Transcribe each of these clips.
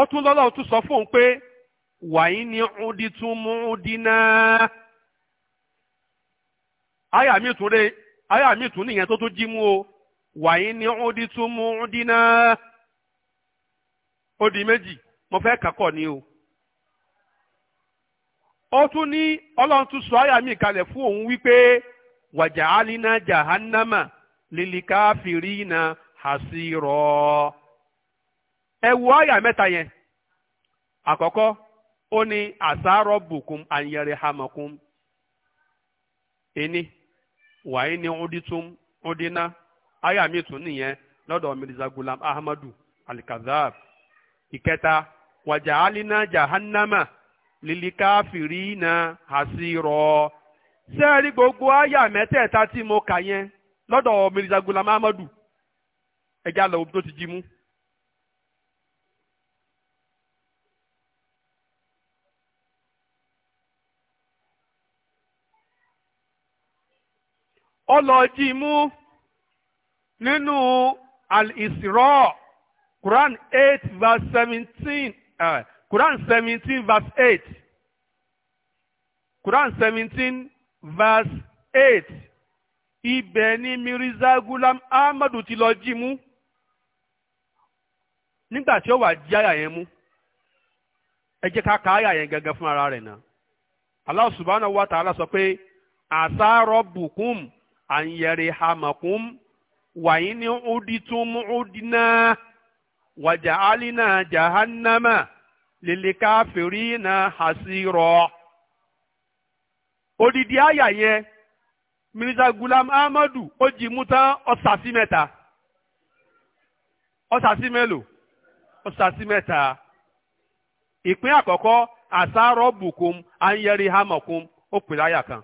ó tún lọ́lọ́run tún sọ fóun pé wàyí ni ọdí tún mú ọdí náà àyà mi tún rè àyà mi tún nìyẹn tó tún jí mú o wàyí ni ọdí tún mú ọdí náà ó di méjì mo fẹ́ kàkọ́ ni o ó tún ní ọlọ́run tún sọ àyà mi kalẹ̀ fún òun wípé wàjà alina jahannama lìlìkàfìrì na hasirọ́. ẹ wo mẹta mẹ́ta yẹn àkọ́kọ́ ó ní àsárọ̀ bùkún àyẹ̀rẹ̀ hàmọ̀kún ẹni wàá ní ọdítún ọdínà àyà mi tún nìyẹn lọ́dọ̀ mirza gulam ahmadu alikazab ìkẹta wàjà alina jahannama lilikafiri na hasirọ sẹ́ẹ̀rí gbogbo àyà mẹ́tẹ̀ẹ̀ta tí mo kà yẹn lọ́dọ̀ mirza gulam ahmadu ẹ̀já tó ti jí lọ ọlọ́ọ̀jì mú nínú al-Isra Quran eight verse seventeen uh, Quran seventeen verse eight Quran seventeen verse eight ibẹ̀ ni Mirza Gulam Ahmadu ti lọ jí mú nígbà tí ó wà jí àyà yẹn mú ẹ jẹ́ ká ka àyà yẹn gẹ́gẹ́ fún ara rẹ̀ náà Allah subhanahu wa ta'ala sọ pé asa rọ bùkún. ànyẹ̀rẹ̀ hamakum wàyí ní ọdítún ọdínà wàjà alínà jahannama lèlèkàfèrè na rọọ odidi àyà yẹn mirisa gulam ahmadu o ji mú tán ọ̀sàsí mẹ́ta ọ̀sàsí mélòó ọ̀sàsí mẹ́ta ìpín àkọ́kọ́ àsárọ̀ bùkún anyẹ̀rẹ̀ ó pè láyà kan.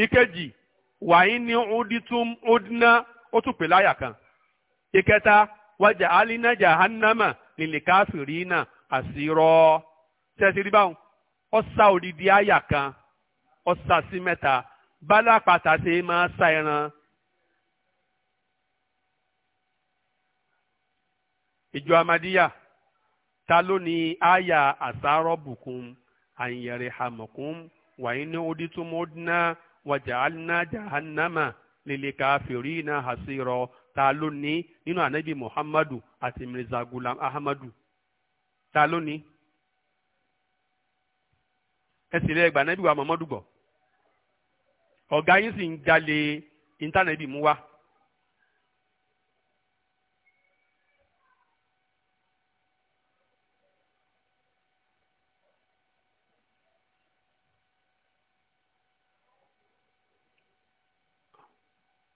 ikeji: wàyí ní ọdítún ọdínà ó tún pè láyà kan ìkẹta wájà alínà jahannama lìlìkàfìrínà àsìrọ tẹsí rí báwọn ọsà odidi àyà kan ọsà sí mẹ́ta bálá pàtàkì máa sa ẹran. ìjọ amadíyà ta ló ní àyà àsárọ bùkún àyẹrẹ hàmọkún wàyí ní oditumọdúnà wàjàálínà jahannama lèlè káfíìrì náà hasirọ ta ló ní nínú ànábì muhammadu àti mirza gulam ahmadu ta ló ní. ẹ sì lè gba ànábì wa muhammadu gbọ́ ọ̀gá yín sì ń jalè ìntànẹ́bì mú wa.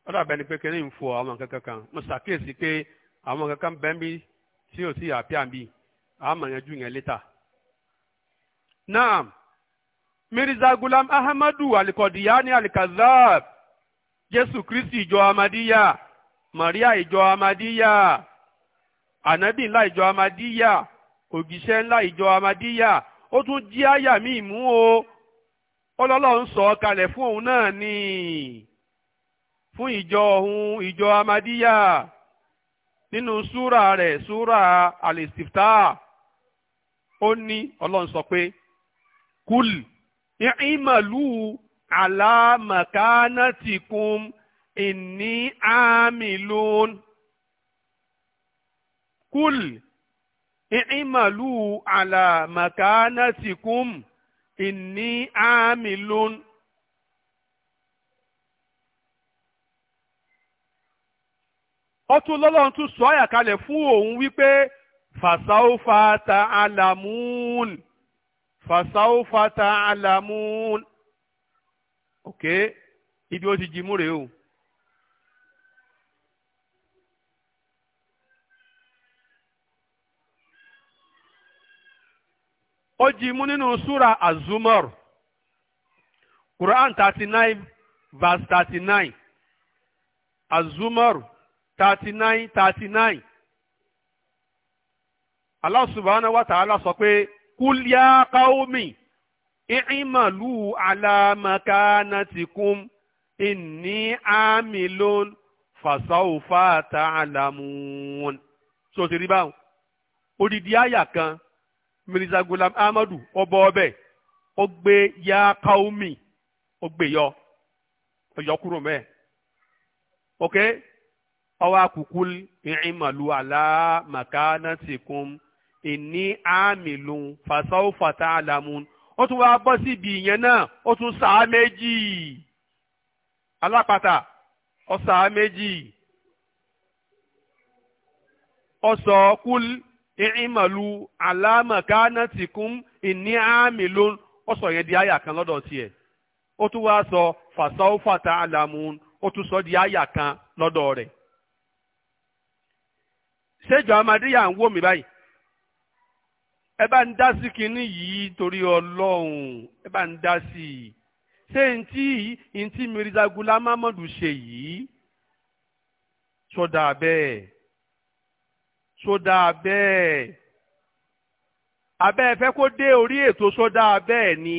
ó dàbẹ́ ni pé kí ni ń fo àwọn kankan kan mo ṣàkíyèsí pé àwọn kankan bẹ́ẹ̀ bí tí ò sí àpíà mi àmọ̀ yanjú yẹn létà. naam mirza gulam ahmadu alikodiyani alikazab jésù kristi ìjọ amadiya maria ìjọ amadiya ànábì ńlá ìjọ amadiya ògìṣẹ́ ńlá ìjọ amadiya ó tún jí àyà mi mú o ọlọ́lọ́ ń sọ ọ́ kalẹ̀ fún òun náà ni fún ìjọ ọ̀hún ìjọ amadíyà nínú súra rẹ̀ súra alistifta ó ní ọlọ́run sọ pé kul ìmàlú alámàkánátìkún ìní àmìlún kul ìmàlú alámàkánátìkún ìní àmìlún. ó tún lọ́lọ́run tún sọ àyà kalẹ̀ fún òun wípé fàṣàófà ta àlàmúùn fàṣàófà ok ibi ó ti jí mú o. ó jí mú nínú súra azumar quran thirty nine verse thirty nine azumar thirty nine thirty nine Allah subhanahu wa ta'ala sọ pé kul ya qaumi i'malu ala makanatikum inni amilun fasawfa ta'lamun. so ti rí báwọn odidi àyà kan Mirza Gulam Ahmadu ọbọ ọbẹ ó gbé ya qaumi ó yọ ọyọkúrò mẹ ọwọ́ àkùkù ìrìnmàlú àlá makanatikum ìní àmìlú fasawfa ta'lamun ó tún wá bọ́ síbi ìyẹn náà ó tún sàá méjì alápàtà ó sàá méjì ó sọ kúl ìrìnmàlú àlá makanatikum ìní àmìlú ó sọ yẹn di àyà kan lọ́dọ̀ tiẹ̀ ó tún wá sọ fasawfa ta'lamun ó tún sọ di àyà kan lọ́dọ̀ rẹ̀ ṣéjọ amadéyà ń wò mí báyìí ẹ bá ń dá sí kinní yìí torí ọlọ́run ẹ bá ń dá sí i ṣé ntí ntí Mirza Ghulam Ahmadu ṣe yìí sọdà bẹ́ẹ̀ sọdà bẹ́ẹ̀ abẹ́ ẹ fẹ́ kó dé orí ètò sọdà bẹ́ẹ̀ ni.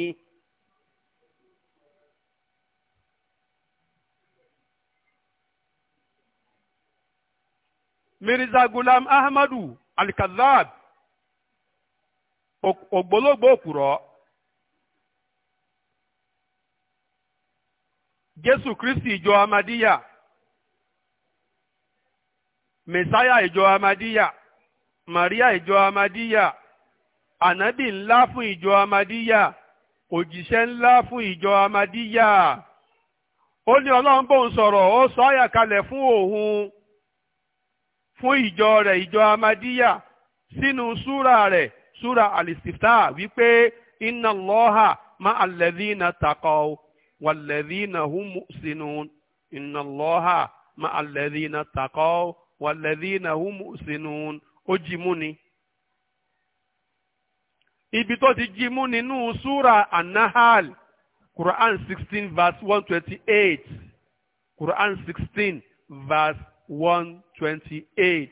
mirza gulam ahmadu alikazab ogbologbo òkùrọ jésù kristi jo amadiya mẹsáyà ìjọ amadiya maria ìjọ amadiya ànábì ńlá fún ìjọ amadiya òjíṣẹ́ ńlá fún ijo amadiya ó ní ọlọ́run bóun sọ̀rọ̀ ó sọ fún fún ìjọ rẹ̀ ìjọ amadíyà sínú súra rẹ̀ súra alistifta wípé inna Allaha ma'al ladhina taqaw wal ladhina hum muhsinun inna Allaha ma'al ladhina taqaw wal ladhina hum muhsinun ó jí mú ni ibi tó ti jí mú nínú súra anahal quran sixteen verse one twenty eight quran sixteen verse one twenty eight.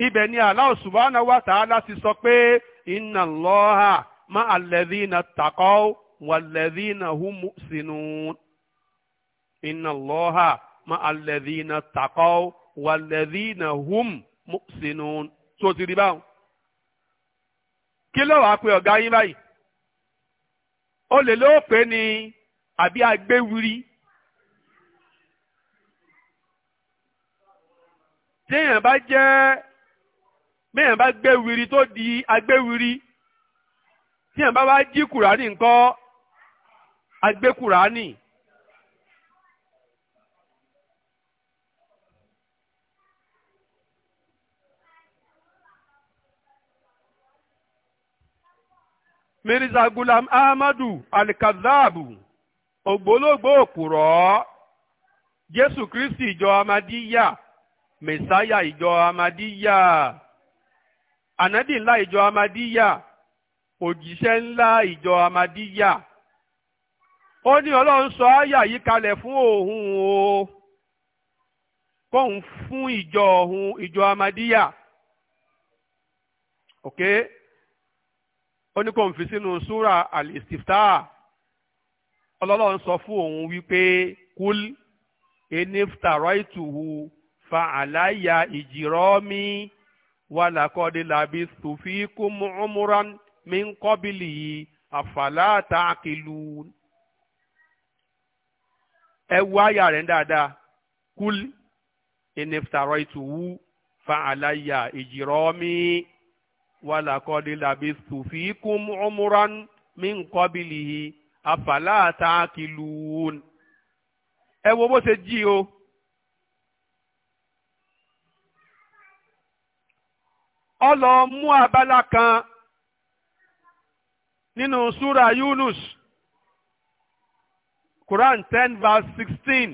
ibẹ̀ ni Allah subhanahu wa ta'ala ti sọ pé inna Allaha ma'a alladhina taqaw walladhina hum muhsinun. inna Allaha ma'a alladhina taqaw walladhina hum muhsinun. tó ti rí báwọn. kí ló wàá pe ọ̀gá yín báyìí? olè ló pè ní àbí agbéwiri. téèyàn bá jẹ́ béèyàn bá wiri tó di agbéwiri téèyàn bá wá jí kùránì ńkọ́ agbékùránì. mirza gulam ahmadu alikazabu ògbólógbòó òpùrọ́ jésù kristi ìjọ ya. mesaya ijo amadiya ànábì ńlá ijo amadiya ojise ńlá ijo amadiya ó ní ọlọ́run sọ áyà yìí kalẹ̀ fún òun o kóun fún ìjọ òun ìjọ amadiya ok ó ní kóun fi sínú súra al ọlọ́run sọ fún òun wípé kúl eniftarọ́ ìtùhù. fa àláyà ìjìrọ́ mi wà lákọ́dé làbí sùfí kú múmúra mi ń kọ́bìlì yìí àfàlà tààkìlù. ẹ wo àyà rẹ̀ dáadáa kúl ìnìfitàrọ̀ ìtùwú fa àláyà ìjìrọ́ wà lákọ́dé làbí sùfí kú múmúra mi ń kọ́bìlì yìí àfàlà tààkìlù. ẹ wo bó ṣe jí o. ó lọ mú abala kan nínú súra Yunus Quran ten verse sixteen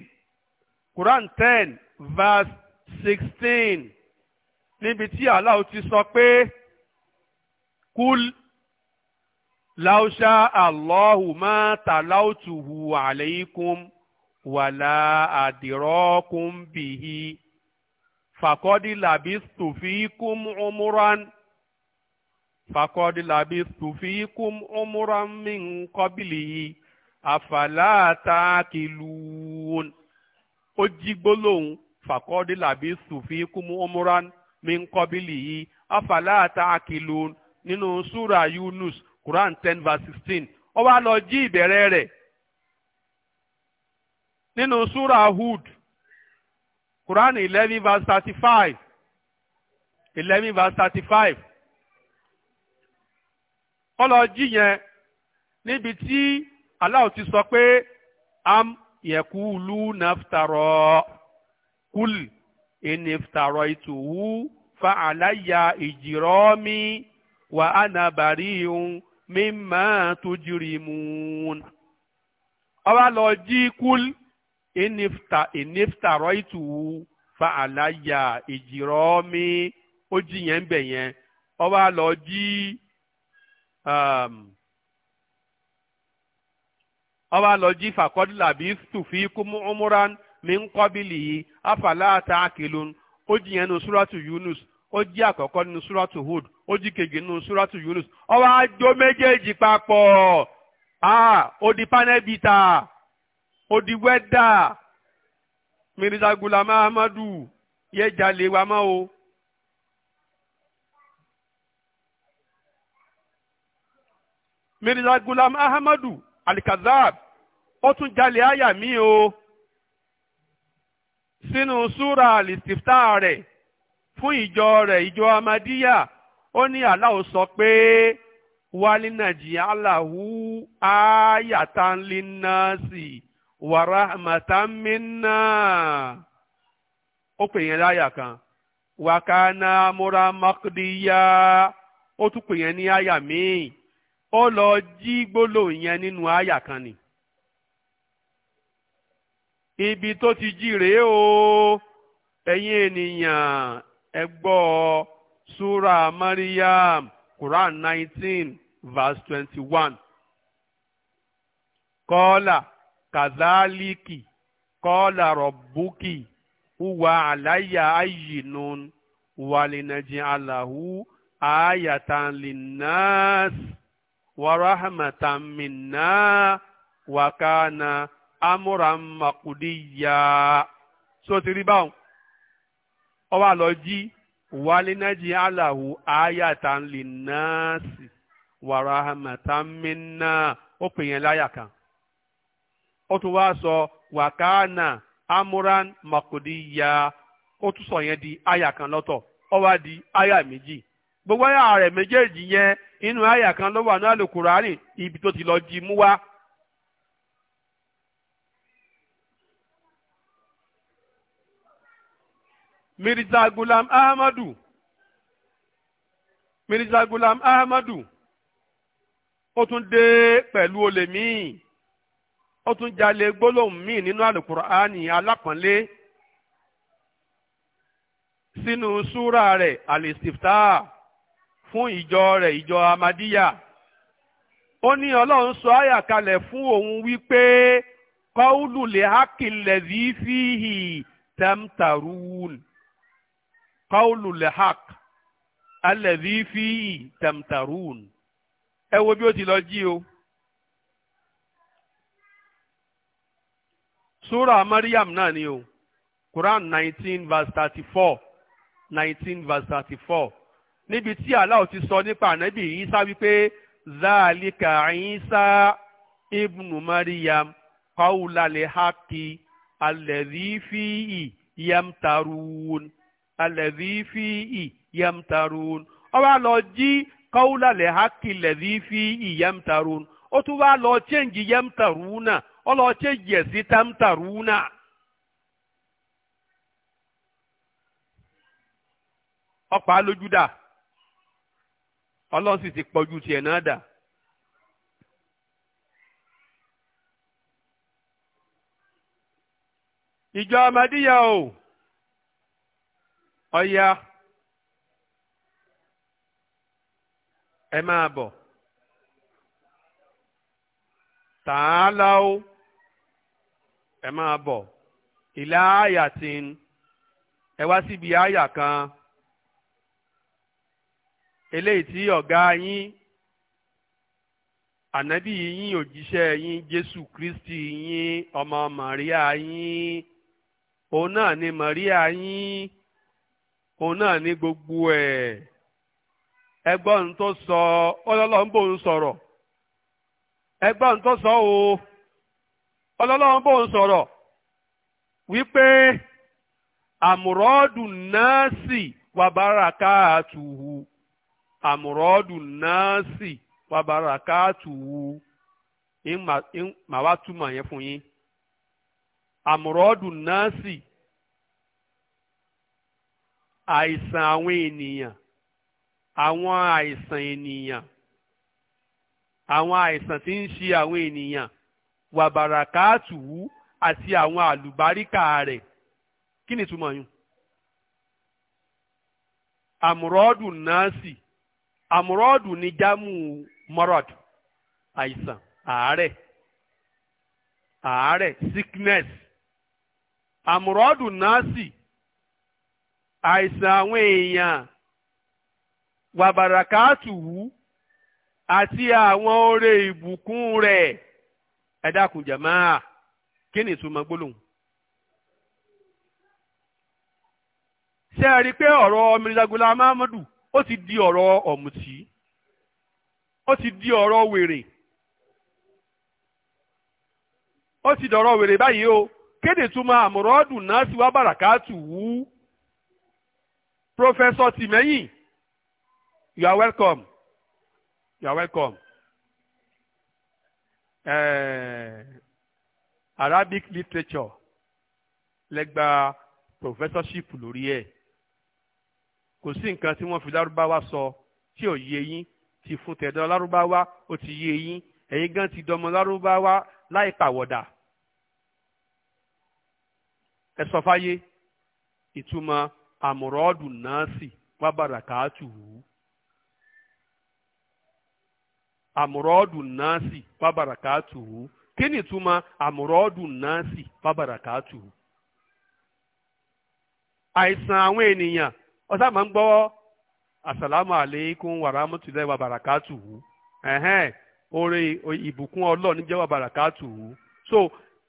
Quran ten verse sixteen níbi tí Allah ti sọ pé kúl láwùṣà Allahu ma tàláwùtùhù àlẹ́yìnkùn wàlá àdìrọ́kùn bìhí fàkọ́dí làbí stùfíkùm ọmúran fàkọ́dí làbí stùfíkùm ọmúran mi ń kọ́bìlì yìí àfàlàtàkìlùún ó jí gbólóhùn fàkọ́dí làbí stùfíkùm ọmúran mi ń kọ́bìlì yìí àfàlàtàkìlùún nínú súra Yunus Quran ten verse sixteen ó wá lọ jí ìbẹ̀rẹ̀ rẹ̀ nínú súra Hud. Quran 11 verse 35. 11 verse 35. five kọ́lọ́jì yẹn níbi tí Allah ti sọ pé am yẹkulu naftarọ kul eniftarọ ituhu fa alaya ìjìrọ mi wa ana barihun mimma tujrimun. ọba lọ jí kul. Cool e nifta roitu fa alaya iji ro mi oji yembeye ọwa lo ji ọwa lo ji fakọdụla bi tụfi kụmụ afala ata kilom oji yem n'usura to yunus oji akọkọ n'usura to hud oji kegbe n'usura to yunus ọwa ajo meje iji papo panel bita. ó di wẹ́dà Mirza Gulam Ahmadu yẹ jalè wa mọ́ o. Mirza Gulam Ahmadu alikazab ó tún jalè àyà mi o sínú súra àlìsíftà rẹ̀ fún ìjọ rẹ̀ ìjọ amadíyà ó ní aláwo sọ pé wàlínàjì aláwú áyàtánlínàṣì. wara minna ó pè yẹn láyà kan wakana múra makdiya ó tún pè yẹn ní àyà míì ó lọ jí gbólóhùn yẹn nínú àyà kan ni ibi tó ti jí rèé o ẹ̀yin ènìyàn ẹ gbọ́ sura Quran nineteen verse twenty-one Kazaliki Kọlarọbuki, ụwa alayya ayyụnyụ walineji alahụ, ayatannụ naasi, waro ahamata mmiri naa waka na Amuram Makudiyya. 2. So, tiribau, ọwalọ ji, walineji alahụ, ayatannụ ó tún wá sọ wàkánà amúran makodiya ó sọ yẹn di àyà kan lọ́tọ̀ ó wá di àyà méjì gbogbo àyà rẹ̀ méjèèjì yẹn inú àyà kan ló wà ní àlùkùránì ibi tó ti lọ jí mú wa. mirza gulam ahmadu mirza gulam ahmadu o tún dé pẹ̀lú olè ó tún jalè gbólóhùn míì nínú àlùkùránì alápọ̀nlé sínú súra rẹ̀ àlèsìftà fún ìjọ rẹ̀ ìjọ amadíyà ó ní ọlọ́run sọ àyà kalẹ̀ fún òun wípé kọ́ùlù lè hákìlẹ̀ rí fíhì tẹ́mtàrún kọ́ùlù lè hák alẹ̀ fíhì tẹ́mtàrún ẹ wo bí ó ti lọ jí o. sura Maryam náà ni o Quran nineteen verse thirty-four nineteen verse thirty-four níbi tí Allah ti sọ nípa ànábì Isa wípé zaalika Isa ibnu Maryam kawulale haki alẹ́rí fíì yamtarun alẹ́rí fíì yamtarun ó wá lọ jí kawulale haki lẹ́rí fíì yamtarun ó tún wá lọ chẹ́ǹgì yamtarun náà ọlọ́ọ̀chẹ́ yẹ̀sí tamtaruna. ọ̀pá lójú dà ọlọ́run sì ti pọ̀jù tiẹ̀ náà dà. ìjọ amadíyà o ọ̀ya ẹ máa bọ̀ tààlà o. ẹ máa bọ̀ ìlà àyà tí ẹ wá síbi àyà kan eléyìí tí ọ̀gá yín ànábì yín òjíṣẹ́ yín Jésù Kristi yín ọmọ Màríà yín òun náà ni Màríà yín òun náà ni gbogbo ẹ̀ ẹgbọ́n tó sọ ọlọ́lọ́ ń bò ń sọ̀rọ̀ ẹgbọ́n tó sọ o. ọlọ́lọ́run bó ń sọ̀rọ̀ wípé àmúrọ́dù náàsì wà bárakàtùhù àmúrọ́dù náàsì wà bárakàtùhù màá wá túmọ̀ yẹn fún yín àmúrọ́dù eniyan. àìsàn àwọn ènìyàn àwọn àìsàn ènìyàn àwọn àìsàn tí ń wàbàràkàtùwù àti àwọn àlùbáríkà rẹ̀ kí ni ìtumọ̀ yìí àmúrọ́dù nọ́ọ̀sì àmúrọ́dù ní jámù mọ́rọ̀d àìsàn àárẹ̀ àárẹ̀ sickness àmúrọ́dù nọ́ọ̀sì àìsàn àwọn èèyàn wàbàràkàtùwù àti àwọn oore ìbùkún rẹ̀. ẹ jama'a jàmáà kí ni ìtumọ̀ gbólóhùn. ṣé ẹ rí i pé ọ̀rọ̀ mirizagola mahamadu ó ti di ọ̀rọ̀ ọ̀mùtí ó ti di ọ̀rọ̀ wèrè ó ti dọ̀rọ̀ wèrè báyìí o kéde túmọ̀ àmọ̀rọ́dùn náà sì wá bàràkàtù wú Professor Tìmẹ́yìn you are welcome you are welcome. eh, Arabic literature lẹ́gbà professorship lórí ẹ̀ kò sí nǹkan tí wọ́n fi lárúbáwá sọ tí ò yé yín ti fún tẹ̀dọ̀ lárúbáwá ó ti yé yín ẹ̀yin gan ti dọmọ lárúbáwá láì pàwọ̀dà ẹ sọ fáyé ìtumọ̀ àmúrọ́ọ̀dù náà sì wá bàrà káàtù wù ú. Amụrụ ọdụm nasị wabarakatughu gịnị tụma amụrụ ọdụm nasị wabarakatughu. A ịsan anwụ eniyan ọsa a ma m gbọ asalamu ala ikwu wara amụtụla wabarakatughu ore ibuku ọlọrụnụ njẹ wabarakatughu. So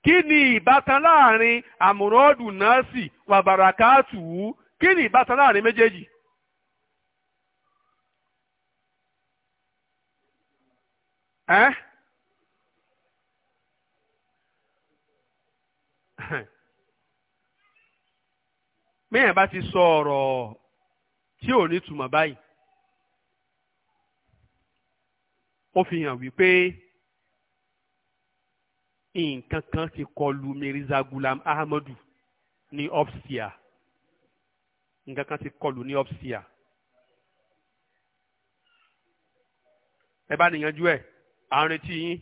gịnị ịbata laarịị amụrụ ọdụ nasị wabarakatughu gịnị ịbata laarịị mejeji. ẹ́ mẹ́yàn bá ti sọ ọ̀rọ̀ tí ò ní túmọ̀ báyìí ó fi hàn wípé nǹkan kan ti kọlu Mirza Gulam Ahmadu ní ọ́fṣíà nǹkan kan ti kọlu ní ọ́fṣíà ẹ bá nìyànjú ẹ̀ à ń retí yín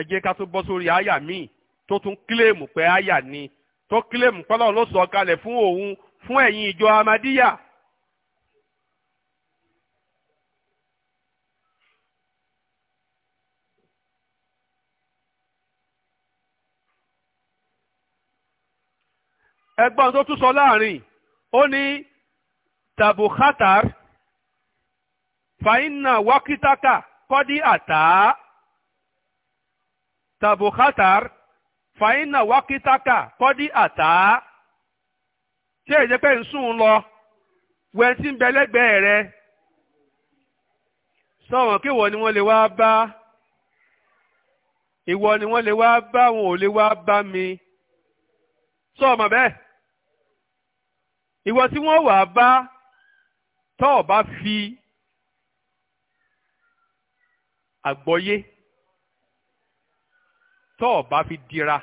ẹ jẹ́ ká tó bọ́ sórí àyà míì tó tún kílèmù pé àyà ni tó kílèmù pé Ọlọ́run ló sọ kalẹ̀ fún òun fún ẹ̀yin ìjọ amadíyà. ẹgbọ́n tó tún sọ láàrin ó ní tabuhatar fàínà wákítàkà kọ́dí àtà tàbùkátàr fàínà wákítàkà kọ́dí àtà ṣé èyí pé ń sùn lọ wẹ́n tí ń bẹ lẹ́gbẹ̀ẹ́ rẹ sọ̀wọ́n kí wọ́n ni wọ́n lè wá bá ìwọ ni wọ́n lè wá bá wọn ò lè wá bá mi sọ̀mọ̀ so, bẹ́ẹ̀ ìwọ tí wọ́n wà bá tọ́ ọ̀ bá fi àgbọ́yé tó o bá fi dira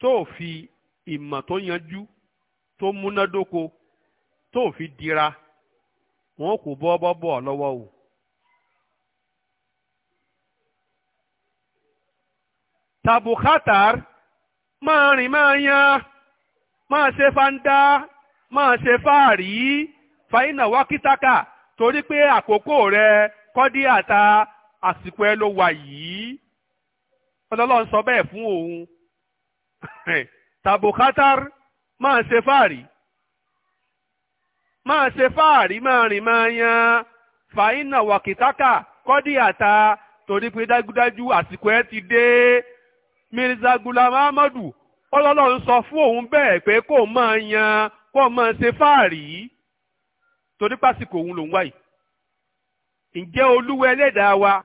tó o fi ìmọ̀ tó yanjú tó múnádóko tó o fi dira wọn kò bọ́ bọ́ bọ́ lọ́wọ́ o. tàbùkátàr máa rìn máa yan máa ṣe fáńdá máa ṣe fáàrí fàyínà wákítàkà torí pé àkókò rẹ kọ́dí àta àsìkò ẹ ló wà yìí ọlọ́lọ́run sọ bẹ́ẹ̀ fún òun tàbùkátàr máa ṣe fáàrí máa ṣe fáàrí máa rìn máa yan fàáyínà wàkìtákà kọ́dí àta torí pé dájúdájú àsìkò ẹ ti dé mirza gulam fún òun bẹ́ẹ̀ pé kó máa yan kó máa ṣe fáàrí torí pásìkò òun lòún ǹjẹ́ olúwa ẹlẹ́dàá wa